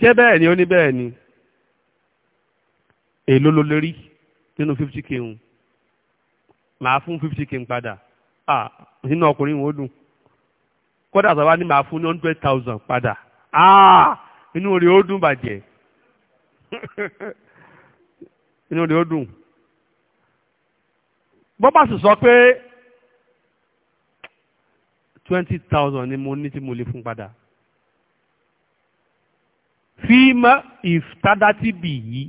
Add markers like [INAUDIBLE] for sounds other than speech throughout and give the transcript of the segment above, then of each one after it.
ṣé bẹ́ẹ̀ ni ó ní bẹ́ẹ̀ ni èló ló lórí nínú fifty k màá fún fifty k padà ah nínú ọkùnrin wọn ó dùn kódà tó ni màá fún ní hundred thousand padà ah inú rẹ̀ ó dùn bàjẹ́ [LAUGHS] inú rẹ̀ ó dùn bó sì sọ pé twenty thousand ni mo ní tí mo lè fún padà fíìmọ́ ìfitádátì bì yìí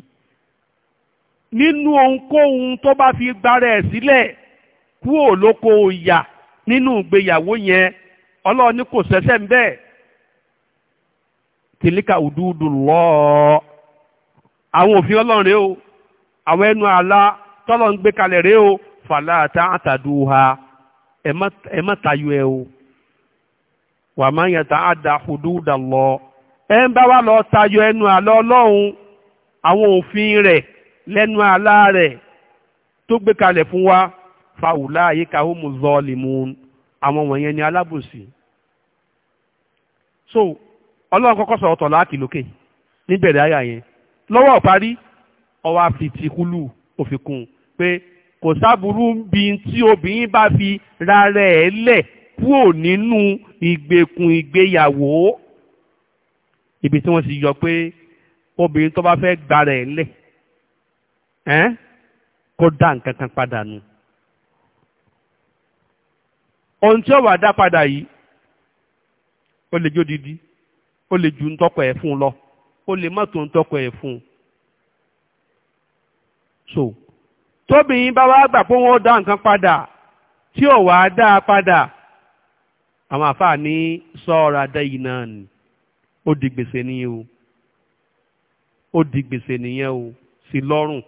nínú ohunkóhun tó bá fi gbára ẹ̀ sílẹ̀ kúò lóko ìyà nínú ìgbéyàwó yẹn ọlọ́ọ̀ni kò sẹ́sẹ́ ń bẹ́ẹ̀ tìlíkà òdúdú lọ́ọ́ àwọn òfin ọlọ́run rèé o àwọn ẹnu àlá tọ́lọ̀ ń gbé kalẹ̀ rèé o fàlàtà àtàdúhà ẹ má o wàmáyàtà àdà òdúdà lọ́ọ́ ẹ ń bá wa lọ tayọ ẹnu àlọ ọlọ́run àwọn òfin rẹ̀ lẹ́nu àlá rẹ̀ tó gbé kalẹ̀ fún wa fàwùlà àyíká homo zọlìmùn àwọn wọ̀nyẹn ni alábòsí so ọlọ́run kọ́kọ́ sọ̀rọ̀ tọ̀ láàkì lókè níbẹ̀rẹ̀ àyà yẹn lọ́wọ́ parí ọwọ́ àfitìkulù òfikún pé kò sáburú bí tí obìnrin bá fi rárẹ̀ ẹ̀ lẹ̀ kúò nínú ìgbèkùn ìgbéyàwó ibi tí wọ́n ti yọ pé obìnrin tó bá fẹ́ gba rẹ̀ lẹ̀ ẹ́n kó dá nǹkan kan padà nù. ohun tí ó wà dá padà yìí ó lè jó didi ó lè ju ntọ́kọ̀ ẹ̀ fún un lọ ó lè má tó ntọ́kọ̀ ẹ̀ fún un. so tóbìnrin bá wá gbà pé wọ́n dá nǹkan padà tí ò wá dá padà àwọn àfáà ní sọ́ọ̀rọ̀ adá yìí náà ni ó di gbèsè nìyẹn o ó di gbèsè nìyẹn o sí lọ́rùn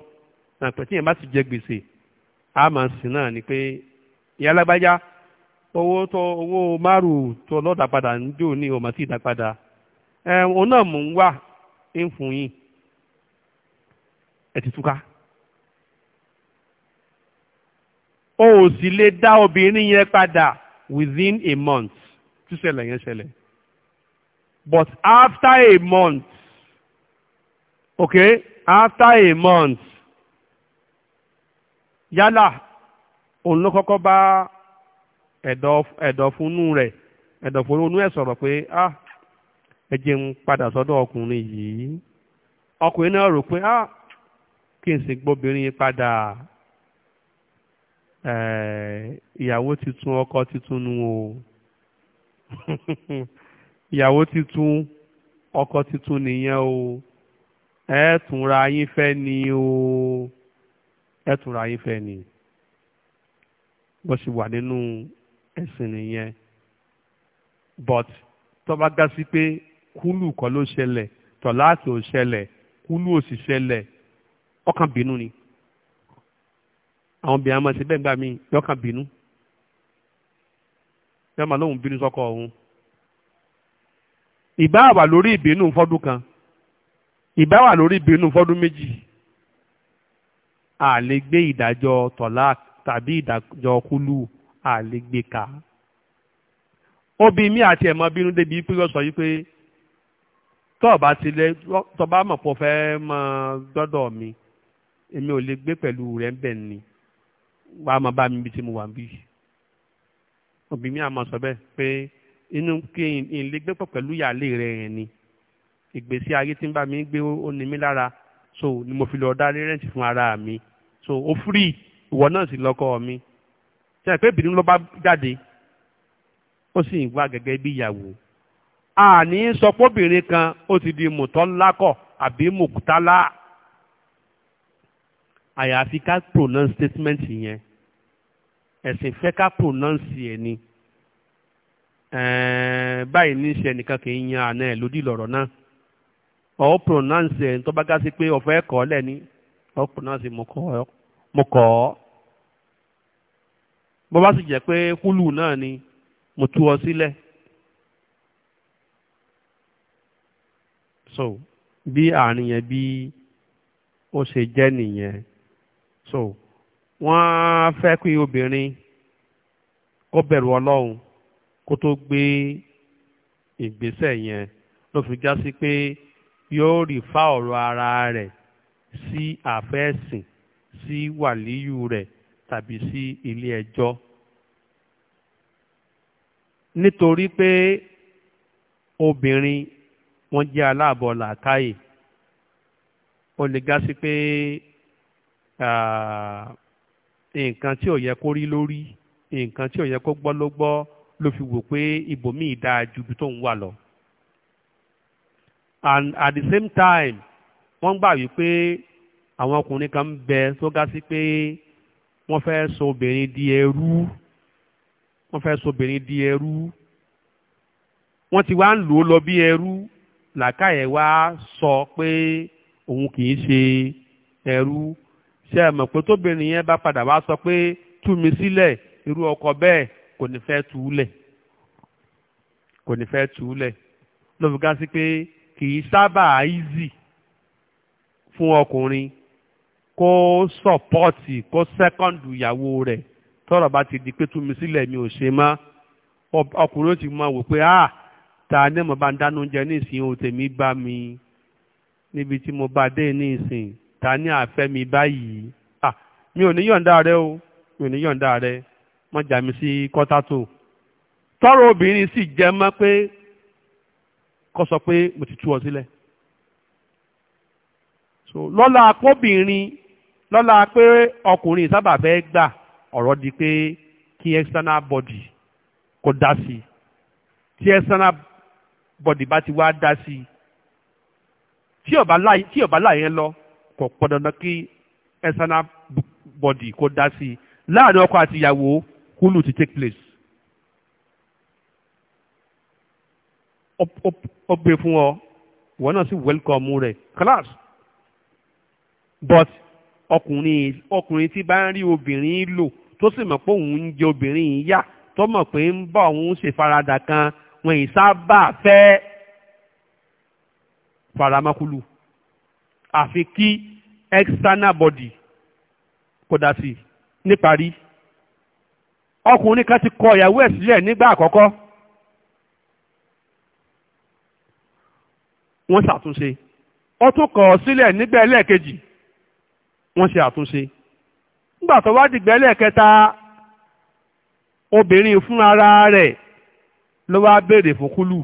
nàpẹ́ tí yẹn bá ti jẹ gbèsè a máa sìn náà ni pé ìyá alágbájá owó tó owó márùn tó lọ́dà padà ń jò ní ọmọ tí ìdá padà òun náà mò ń wà ń fún yín ẹ ti túká. o ò sì lè dá obìnrin yẹn padà within a month tíṣẹ̀lẹ̀ yẹn ṣẹlẹ̀. But after a month, okay, after a month, yálà òun ló kọ́kọ́ bá ẹ̀dọ̀fúnú rẹ̀ ẹ̀dọ̀fúnú ẹ̀ sọ̀rọ̀ pé ah ẹ jẹ́ n padà sọ́dọ̀ ọkùnrin yìí ọkùnrin náà rò pé ah kí n sì gbóbìnrin padà ìyàwó tuntun ọkọ tuntun nu o [LAUGHS] ìyàwó titun ọkọ titun nìyẹn o ẹ túnra yín fẹ́ ni o ẹ túnra yín fẹ́ ni bó ṣe wà nínú ẹ̀sìn nìyẹn but tó bá gá sí pé kúlù kọ́ ló ṣẹlẹ̀ tọ̀láàtì ò ṣẹlẹ̀ kúlù ò sì ṣẹlẹ̀ ọkàn bínú ni àwọn obìnrin a máa ṣe bẹ́ẹ̀ gbà mí yọkàn bínú yọọ máa lóun bínú sọ́kọ ọ̀hún ìbá wà lórí ìbínú fọ́dún kan ìbá wà lórí ìbínú fọ́dún méjì a lè gbé ìdájọ́ tọ̀lá tàbí ìdájọ́ kúlù a lè gbé ká obì mi àti ẹ̀mọ́ bínú débi pé yóò sọ yí pé tọ́ọ̀bá ti lẹ tọ́ọ̀bá mọ̀ pọ̀ fẹ́ mọ dọ́dọ̀ mi èmi ò lè gbé pẹ̀lú rẹ̀ ń bẹ̀ ni wàá mọ bá mi bí tí mo wà ń bí obì mi àmọ́ sọ bẹ́ẹ̀ pé inú kí ilé gbé pọ̀ pẹ̀lú ìyáálé rẹ̀ yẹn ni ìgbésí ayé tí ń bá mi gbé ó ní mi lára so ni mo fi lọ dá rẹ́ǹtì fún ara mi so ó fúrì ìwọ náà sì lọ́kọ mi ṣe é pé ìbínú ló bá jáde ó sì ń wá gẹ́gẹ́ bí ìyàwó àní sọpọ́bìnrin kan ó ti di mùtọ́lákọ̀ àbí mùkútálá àyàfi ká pronounce statement yẹn ẹ̀sìn fẹ́ ká pronounce ẹ̀ ni. báyìí ní ṣe nìkan kì í yan àna ẹ̀ lódì lọ̀rọ̀ náà ọ̀ pronounce ẹ̀ tó bá gá sí pé ọ̀fẹ́ kọ́ lẹ́ni ọ̀ pronounce mo kọ́ ọ́ bó bá sì jẹ́ pé húlù náà ni mo tú ọ sílẹ̀. so bí àárín yẹn bí ó ṣe jẹ́ nìyẹn so wọ́n fẹ́ kí obìnrin kó bẹ̀rù ọlọ́run kó tó gbé ìgbésẹ̀ yẹn ló fi já sí pé yóò rí fá ọ̀rọ̀ ara rẹ̀ sí àfẹ́sìn sí wàlíyù rẹ̀ tàbí sí ilé ẹjọ́ nítorí pé obìnrin wọ́n jẹ́ aláàbọ̀ làákàyè ó lè já sí pé nǹkan tí ò yẹ kó rí lórí nǹkan tí ò yẹ kó gbọ́ ló gbọ́ ló fi wò pé ibòmíì dáa ju ibi tó ń wà lọ and at the same time wọ́n gbà wípé àwọn ọkùnrin kan ń bẹ tó ga sí pé wọ́n fẹ́ sọ obìnrin di ẹrú wọ́n fẹ́ sọ obìnrin di ẹrú wọ́n ti wá ń lò ó lọ bí ẹrú làkàyè wá sọ pé òun kì í ṣe ẹrú ṣe é mọ̀ pé tóbìnrin yẹn bá padà wá sọ pé tú sílẹ̀ irú ọkọ bẹ́ẹ̀ kò ní fẹ́ tú lẹ̀ kò ní fẹ́ tú lẹ̀ ló fi ká sí pé kì í sábà easy fún ọkùnrin kó sọ̀pọ́ọ̀tì kó sẹ́kọ̀ǹdù ìyàwó rẹ̀ tọ́rọ̀ bá ti di pé tú sílẹ̀ mi ò ṣe mọ́ ọkùnrin ó ti mọ wò pé ah ta ní mo bá ń dáná oúnjẹ ní ìsìn ohun tèmi bá mi níbi tí mo bá dé ní ìsìn ta ní àfẹ́ mi báyìí ah mi ò ní yọ̀ǹda rẹ o mi ò ní yọ̀ǹda rẹ wọ́n jà mí sí kọ́tà tó tọrọ obìnrin sì jẹ mọ́ pé kọ́ sọ pé mo ti tú ọ sílẹ̀ so lọ́la akóbìnrin lọ́la pé ọkùnrin sábà fẹ́ gbà ọ̀rọ̀ di pé kí external body kó dá sí i tí external body bá ti wá dá sí i tí ọba láyé tí ọba láyé lọ kò pọ̀ dandan kí external body kó dá sí i láàrin ọkọ àti ìyàwó Hulu to take place. Up, up, up before ìwọ náà sì wẹ́lkọ̀mù rẹ̀, class. But ọkùnrin ọkùnrin tí bá ń rí obìnrin lò tó sì mọ̀ pé òun ń jẹ obìnrin yìí yá tó mọ̀ pé ń bá òun ṣèfaradà kan wọn ì sábà fẹ́ faramakulu àfi kí external body kódà sí níparí ọkùnrin kan ti kọ ìyàwó ẹ̀ sílẹ̀ nígbà àkọ́kọ́ wọ́n ṣàtúnṣe ó tún kọ̀ ọ́ sílẹ̀ nígbà ẹlẹ́ẹ̀kejì wọ́n ṣe àtúnṣe nígbà tó wá dìgbà ẹlẹ́ẹ̀kẹta obìnrin fún ara rẹ̀ ló wá béèrè fún kúlù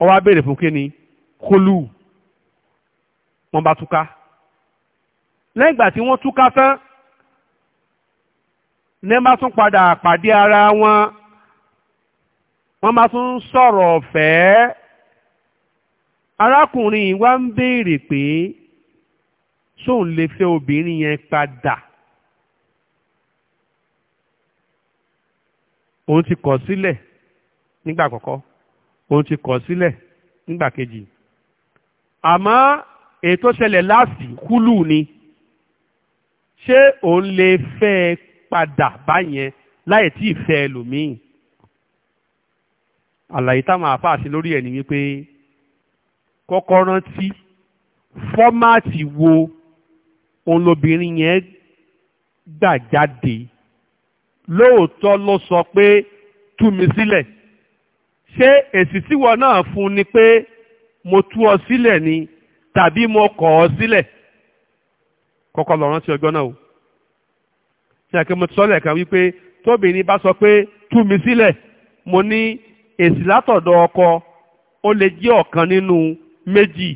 ó wá béèrè fún kíni kúlù wọ́n bá túká lẹ́yìn ìgbà tí wọ́n túká tán ní má tún padà pàdé ara wọn wọ́n má tún sọ̀rọ̀ ọ̀fẹ́ arákùnrin wa ń béèrè pé sóun lè fẹ́ obìnrin yẹn padà òun ti kọ̀ sílẹ̀ nígbà àkọ́kọ́ òun ti kọ̀ sílẹ̀ nígbà kejì àmọ́ èyí tó láàsì kúlù ni ṣé òun lè fẹ́ padà báyẹn láì tí ì fẹ́ ẹlòmíì àlàyé táwọn àáfàá ṣe lórí ẹ̀ ni wípé kọ́kọ́ rántí fọ́máàtì wo òun lobìnrin yẹn gbà jáde lóòótọ́ ló sọ pé tú mi sílẹ̀ ṣé èsì tíwọ náà fún ni pé mo tú ọ sílẹ̀ ni tàbí mo kọ̀ ọ sílẹ̀ kọ́kọ́ lọ rántí ọjọ́ náà o ẹ̀kẹ́ mo ti sọ lẹ́ẹ̀kan wípé tóbìnrin bá sọ pé tú mi sílẹ̀ mo ní èsì látọ̀dọ̀ ọkọ ó lè jẹ́ ọ̀kan nínú méjì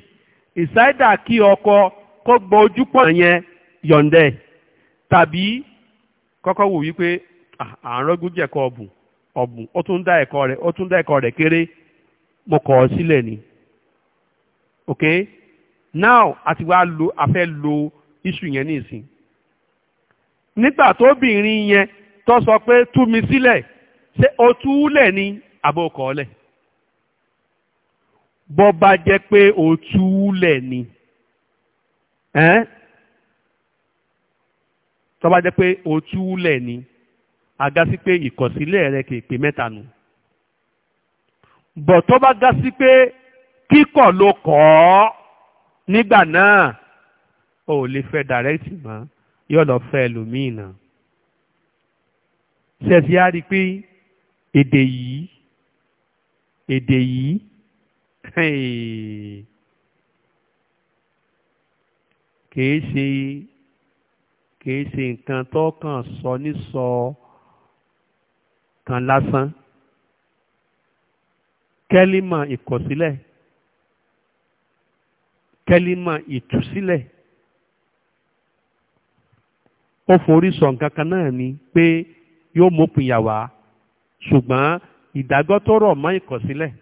ìsáídà kí ọkọ kó gbọ́ ojú pọ̀ yẹn yọ̀ǹdẹ̀ tàbí kọ́kọ́ wò wípé àárọ̀gùn jẹ̀kọ ọ̀bùn ọ̀bùn ó tún dá ẹ̀kọ́ rẹ̀ ó tún dá ẹ̀kọ́ rẹ̀ kéré mo kọ̀ ọ́ sílẹ̀ ni ok now àti wàá lo a fẹ́ lo issue yẹn ní ìsìn nígbà tóbìnrin yẹn tó sọ pé tú mi sílẹ̀ ṣé o tú lẹ̀ ni àbò kọ́ bọ́ bá jẹ́ pé o tú lẹ̀ ni ẹ́n tó bá jẹ́ pé o tú lẹ̀ ni àga sí pé ìkọ̀sílẹ̀ rẹ kì í pé mẹ́ta nù bọ̀ tó bá ga sí pé kíkọ̀ ló kọ́ nígbà náà o ò lè fẹ́ dàrẹ́tì mọ́. yóò lọ fẹ́ ẹlòmíì náà ṣẹ̀sì á rí i pé èdè yìí èdè yìí [LAUGHS] kìí ṣe kìí ṣe nǹkan tó kàn sọ nísọ kan lásán kẹ́límà ìkọ̀sílẹ̀ kẹ́límà ìtúsílẹ̀ ó forí sọ nǹkan kan náà ni pé yóò mópin yà wá ṣùgbọ́n ìdágọ́ tó rọ̀ mọ́ ìkọ̀sílẹ̀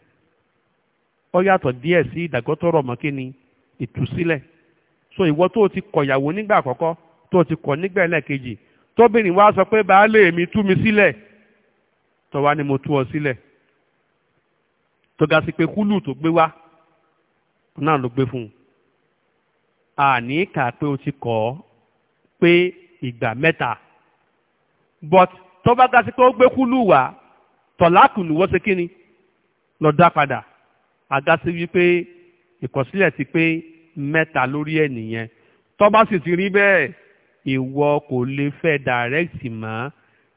ó yàtọ̀ díẹ̀ sí ìdágọ́ mọ́ kí ni ìtúsílẹ̀ so ìwọ tó ti kọ̀yàwó nígbà àkọ́kọ́ tó ti kọ̀ nígbà ẹlẹ́ẹ̀kejì tóbìnrin wa sọ pé baálé mi tú mi sílẹ̀ tó wá ni mo tú ọ sílẹ̀ tó ga sí pé húlù tó gbé wá náà ló gbé fún un àní kà pé o ti kọ̀ ọ́ pé ìgbà mẹ́ta but tó bá ga sí pé ó gbé kúlù wá tọ̀láàkù ni wọ́n ṣe kí ni lọ dá padà àga sí wípé ìkọ̀sílẹ̀ ti pé mẹ́ta lórí ẹ̀ nìyẹn tó bá sì ti rí bẹ́ẹ̀ ìwọ kò lè fẹ́ direct mọ́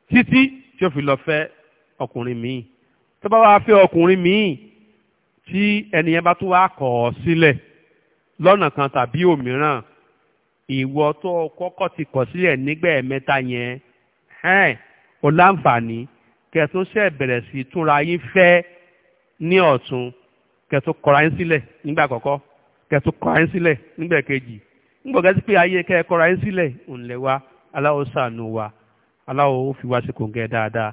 títí tí ó fi lọ fẹ́ ọkùnrin míì tó bá wá fẹ́ ọkùnrin míì tí ẹnìyẹn bá tún wá kọ̀ ọ́ sílẹ̀ lọ́nà kan tàbí òmíràn ìwọ tó kọ́kọ́ ti kọ̀ sílẹ̀ yẹn ẹ̀ẹ́n láǹfààní bẹ̀rẹ̀ sí túnra yín fẹ́ ní ọ̀tún kẹtún kọra yín sílẹ̀ nígbà àkọ́kọ́ kẹtún yín sílẹ̀ nígbà kejì ayé kẹ́ yín sílẹ̀ wa aláwo sànù wa aláwo fi wá sí kòǹgẹ́ dáadáa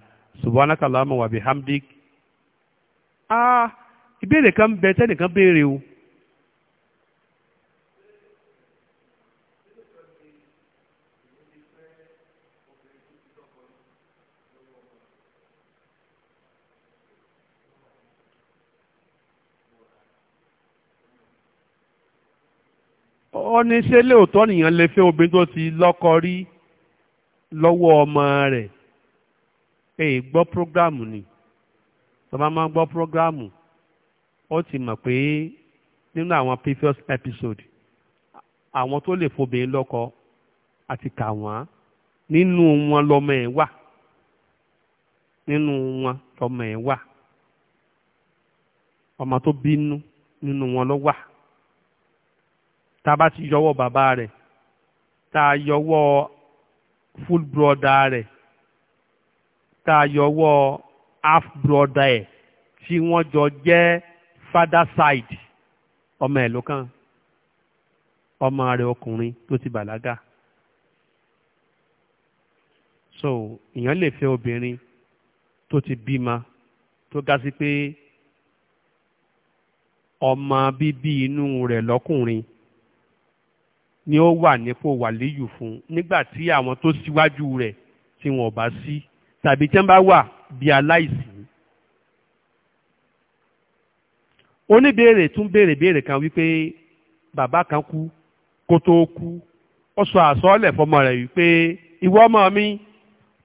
ah ìbéèrè kan bẹ béèrè o. ó ní ṣé lóòótọ́ nìyẹn lè fẹ́ obìnrin tó ti lọ́kọ rí lọ́wọ́ ọmọ rẹ̀ èyí gbọ́ prógrámù ni tọ́ba máa gbọ́ prógrámù ó ti mọ̀ pé nínú àwọn previous episode àwọn tó lè fobìnrin lọ́kọ àti kà wọ́n nínú wọn lọ́mọ ẹ̀ wà nínú wọn lọ́mọ ẹ̀ wà ọmọ tó bínú nínú wọn ló wà tá a bá ti yọwọ́ bàbá rẹ̀ tá a yọwọ́ full brother rẹ̀ tá a yọwọ́ half brother ẹ̀ tí wọ́n jọ jẹ́ father side ọmọ ẹ̀ ló kàn ọmọ rẹ̀ ọkùnrin tó ti bàlágà so èèyàn lè fẹ́ obìnrin tó ti bímọ tó ga sí pé ọmọ bíbí inú rẹ̀ lọ́kùnrin ni ó wà nípò wàlíyù fún nígbà tí àwọn tó síwájú rẹ̀ tí wọn ò bá sí tàbí tí wọn bá wà bí aláìsí. oníbèrè tún béèrè béèrè kan wípé bàbá kan kú kó tó kú ó sọ àsọọ́lẹ̀ fọmọ rẹ̀ wípé ìwọ ọmọ mi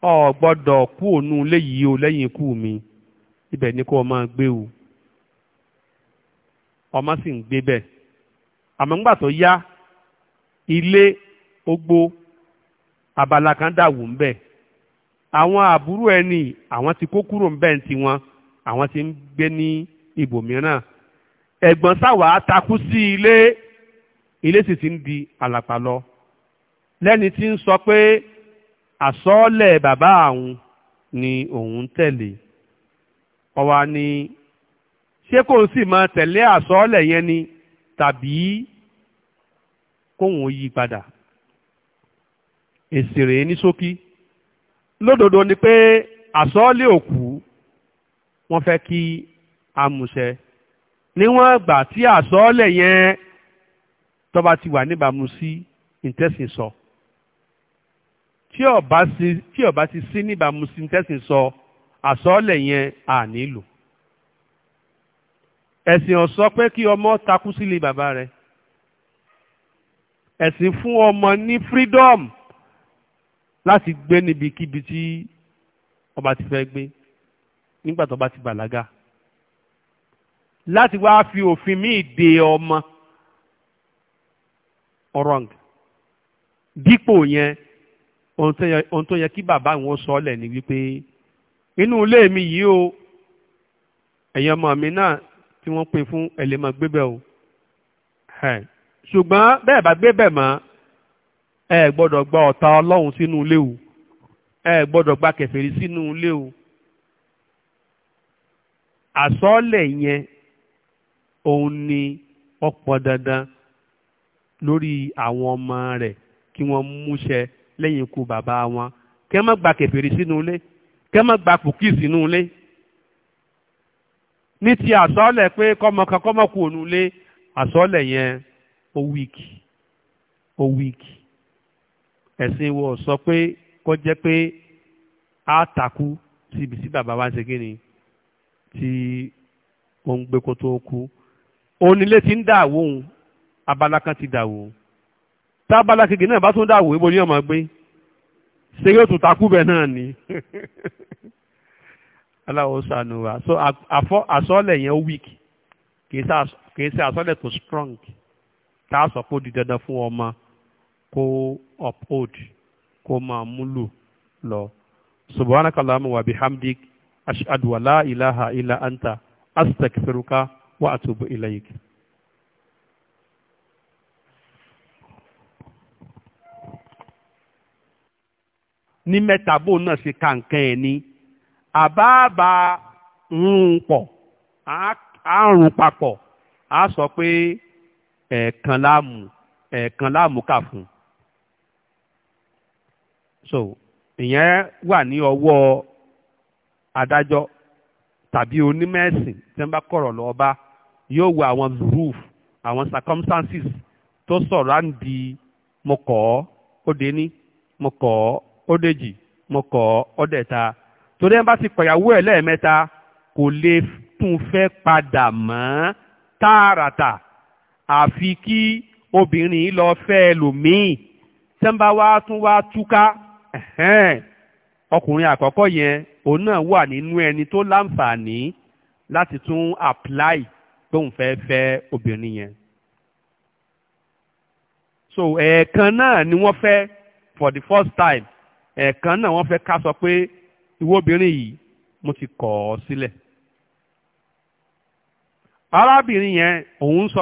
ò gbọ́dọ̀ kú ònú ilé o lẹ́yìn ikú mi ibẹ̀ ni kó o máa gbé o ọmọ sì ń gbé bẹ́ẹ̀ àmọ́ ńgbà tó yá ilé ogbó abala kan dàwù ń bẹ̀ àwọn àbúrò ẹni àwọn ti kó kúrò ń bẹ̀ ń tiwọn àwọn ti ń gbé ní ibòmíràn ẹ̀gbọ́n sáwà takú sí ilé ilé sì ti ń di àlàpà lọ lẹ́ni tí ń sọ pé àsọ́ọ́lẹ̀ bàbá àwọn ni òun tẹ̀lé ọwa ni ṣé kò ń sì máa tẹ̀lé àsọ́ọ́lẹ̀ yẹn ni tàbí kóhun yí padà èsì rèé ní ṣókí lódodo ni pé àsọ́ọ́lé òkú wọ́n fẹ́ kí a múṣẹ níwọ̀n ìgbà tí àsọ́ọ́lẹ̀ yẹn tó bá ti wà níbàámu sí ìtẹ́sìn sọ tí ó bá ti sí níbàámu sí ìtẹ́sìn sọ àsọ́ọ́lẹ̀ yẹn à nílò ẹ̀sìn ó pé kí ọmọ takú sílé bàbá rẹ̀ ẹ̀sìn fún ọmọ ní freedom láti gbé níbikíbi tí ọba ti fẹ́ gbé nígbà tó bá ti bàlágà láti wá fi òfin míì de ọmọ ọ̀rọ̀ǹg dípò yẹn ohun tó yẹ kí bàbá wọn sọ ọ́lẹ̀ ni wípé inú ilé mi yìí o ẹ̀yin ọmọ mi náà tí wọ́n pè fún ẹ̀lẹ́mọ̀ gbébẹ̀ o ṣùgbọ́n bẹ́ẹ̀ bá gbé bẹ̀ mọ́ ẹ gbọ́dọ̀ gba ọ̀tá ọlọ́run sínú ilé o ẹ gbọ́dọ̀ gba kèfèrí sínú ilé o àsọ́ọ̀lẹ̀ yẹn òun ni ó pọn dandan lórí àwọn ọmọ rẹ̀ kí wọ́n múṣẹ lẹ́yìn ikú bàbá wọn kí wọ́n má gba kèfèrí sínú ilé kí má gba kùkì sínú ilé ní ti àsọ́ọ̀lẹ̀ pé kọ́mọ kan kọ́mọ kù òun ilé àsọ́ọ̀lẹ̀ yẹn ó weak, ó weak. ẹ̀sìn wo sọ pé kó jẹ́ pé á takú síbi sí bàbá wa ṣe kíni tí ó ń gbé kó tó kú onílé ti ń dà wóhun abala kan ti dà wóhun tá abala kejì náà bá tún dà wó ibo ni ọmọ gbé ṣé yóò tún takú bẹ́ẹ̀ náà ni aláwọ̀ [LAUGHS] sànù wa so àsọ́ọ̀lẹ̀ yẹn ó weak. kì í ṣe àsọ́ọ̀lẹ̀ tó strong tá a sọ pé ó di dandan fún ọmọ kó uphold kó máa múlò lọ. subhanakallahumma wa bihamdik ashhadu an la ilaha illa anta astaghfiruka wa atubu ilayk. ní mẹ́ta bó náà ṣe ka nǹkan ẹ̀ ni àbáàbá rún pọ̀ á rún papọ̀ á sọ pé ẹ̀ẹ̀kan láàmù ẹ̀ẹ̀kan láàmù kà fún so ìyẹn wà ní ọwọ́ adájọ́ tàbí onímẹ̀sìn tí wọ́n bá kọ̀rọ̀ lọ́ọ́ bá yóò wo àwọn roof àwọn circumstances tó sọ̀rọ̀ à ń di mo kọ̀ ọ́ ó dé ní mo kọ̀ ọ́ ó déjì mo kọ̀ ọ́ ó dẹ̀ta torí ẹ̀ bá ti pẹ̀yàwó ẹ̀ lẹ́ẹ̀mẹ́ta kò lè tún fẹ́ padà mọ́ tààràtà àfi kí obìnrin lọ fẹ́ ẹlòmíì tí wọ́n bá wá tún wá túká ọkùnrin àkọ́kọ́ yẹn òun náà wà nínú ẹni tó láǹfààní láti tún apply pé òun fẹ́ fẹ́ obìnrin yẹn. so ẹ̀ẹ̀kan náà ni wọ́n fẹ́ for the first time ẹ̀ẹ̀kan náà wọ́n fẹ́ ká sọ pé ìwọ obìnrin yìí mo ti kọ̀ ọ́ sílẹ̀. arábìnrin yẹn òun sọ